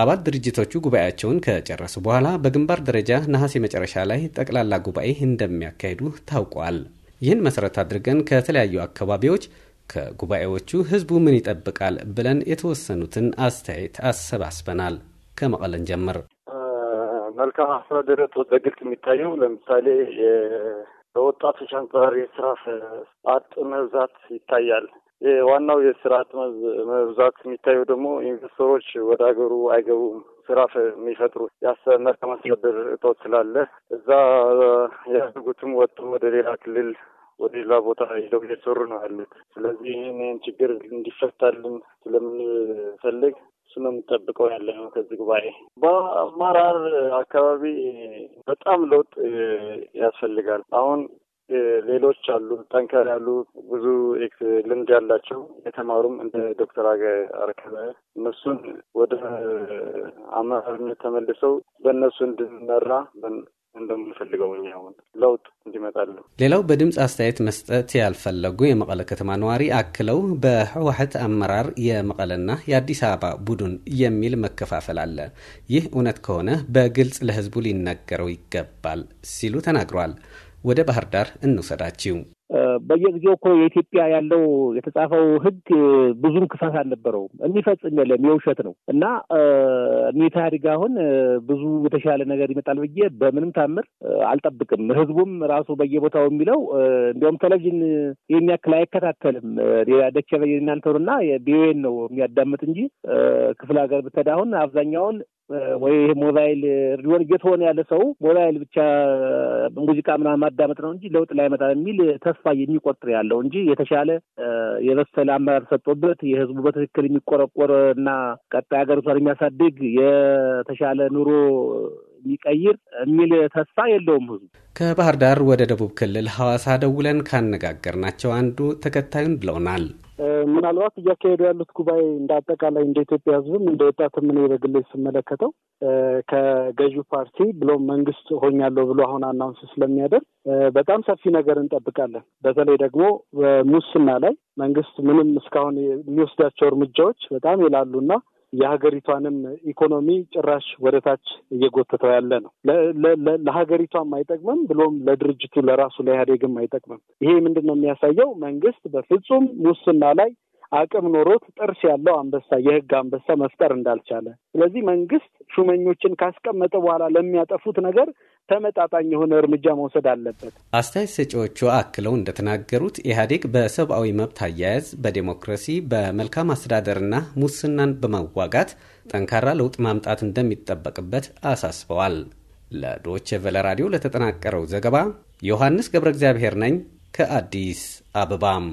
አባል ድርጅቶቹ ጉባኤያቸውን ከጨረሱ በኋላ በግንባር ደረጃ ነሐሴ መጨረሻ ላይ ጠቅላላ ጉባኤ እንደሚያካሂዱ ታውቋል። ይህን መሠረት አድርገን ከተለያዩ አካባቢዎች ከጉባኤዎቹ ህዝቡ ምን ይጠብቃል ብለን የተወሰኑትን አስተያየት አሰባስበናል። ከመቀለን ጀምር መልካም አስተዳደር በግልጽ የሚታየው ለምሳሌ በወጣቶች አንጻር የስራ አጥ መብዛት ይታያል። ዋናው የስራ አጥነት መብዛት የሚታየው ደግሞ ኢንቨስተሮች ወደ ሀገሩ አይገቡም። ስራ የሚፈጥሩት የመልካም አስተዳደር እጦት ስላለ እዛ ያደጉትም ወጡ ወደ ሌላ ክልል ወደ ሌላ ቦታ ሄደው እየሰሩ ነው ያሉት። ስለዚህ ይህን ችግር እንዲፈታልን ስለምንፈልግ እሱ ነው የምጠብቀው ያለ ነው ከዚህ ጉባኤ። በአማራር አካባቢ በጣም ለውጥ ያስፈልጋል። አሁን ሌሎች አሉ ጠንከር ያሉ ብዙ ልምድ ያላቸው የተማሩም እንደ ዶክተር አርከበ እነሱን ወደ አመራርነት ተመልሰው በእነሱ እንድንመራ እንደምንፈልገው እኛውን ለውጥ እንዲመጣሉ። ሌላው በድምፅ አስተያየት መስጠት ያልፈለጉ የመቀለ ከተማ ነዋሪ አክለው በህወሀት አመራር የመቀለና የአዲስ አበባ ቡድን የሚል መከፋፈል አለ። ይህ እውነት ከሆነ በግልጽ ለህዝቡ ሊነገረው ይገባል ሲሉ ተናግሯል። ወደ ባህር ዳር እንውሰዳችው። በየጊዜው እኮ የኢትዮጵያ ያለው የተጻፈው ሕግ ብዙም ክፋት አልነበረውም። የሚፈጽም የለም የውሸት ነው እና ኢህአዴግ አሁን ብዙ የተሻለ ነገር ይመጣል ብዬ በምንም ታምር አልጠብቅም። ሕዝቡም ራሱ በየቦታው የሚለው እንዲሁም ቴሌቪዥን የሚያክል አይከታተልም። ደቸበ እናንተውንና ቢዌን ነው የሚያዳምጥ እንጂ ክፍለ ሀገር ብትሄድ አሁን አብዛኛውን ወይ ሞባይል ሪወርድ እየተሆነ ያለ ሰው ሞባይል ብቻ ሙዚቃ ምናምን ማዳመጥ ነው እንጂ ለውጥ ላይመጣ የሚል ተስፋ የሚቆጥር ያለው እንጂ የተሻለ የበሰለ አመራር ተሰጥቶበት የህዝቡ በትክክል የሚቆረቆር እና ቀጣይ ሀገሪቷን የሚያሳድግ የተሻለ ኑሮ የሚቀይር የሚል ተስፋ የለውም ህዝቡ። ከባህር ዳር ወደ ደቡብ ክልል ሐዋሳ ደውለን ካነጋገርናቸው አንዱ ተከታዩን ብለውናል። ምናልባት እያካሄዱ ያሉት ጉባኤ እንደ አጠቃላይ እንደ ኢትዮጵያ ሕዝብም እንደ ወጣትም እኔ በግሌ ስመለከተው ከገዢው ፓርቲ ብሎም መንግስት ሆኛለሁ ብሎ አሁን አናውንስ ስለሚያደርግ በጣም ሰፊ ነገር እንጠብቃለን። በተለይ ደግሞ ሙስና ላይ መንግስት ምንም እስካሁን የሚወስዳቸው እርምጃዎች በጣም እና የሀገሪቷንም ኢኮኖሚ ጭራሽ ወደታች እየጎተተው ያለ ነው። ለሀገሪቷም አይጠቅምም፣ ብሎም ለድርጅቱ ለራሱ ለኢህአዴግም አይጠቅምም። ይሄ ምንድን ነው የሚያሳየው መንግስት በፍጹም ሙስና ላይ አቅም ኖሮት ጥርስ ያለው አንበሳ የህግ አንበሳ መፍጠር እንዳልቻለ፣ ስለዚህ መንግስት ሹመኞችን ካስቀመጠ በኋላ ለሚያጠፉት ነገር ተመጣጣኝ የሆነ እርምጃ መውሰድ አለበት። አስተያየት ሰጪዎቹ አክለው እንደተናገሩት ኢህአዴግ በሰብአዊ መብት አያያዝ፣ በዴሞክራሲ፣ በመልካም አስተዳደርና ሙስናን በመዋጋት ጠንካራ ለውጥ ማምጣት እንደሚጠበቅበት አሳስበዋል። ለዶች ቨለ ራዲዮ ለተጠናቀረው ዘገባ ዮሐንስ ገብረ እግዚአብሔር ነኝ ከአዲስ አበባም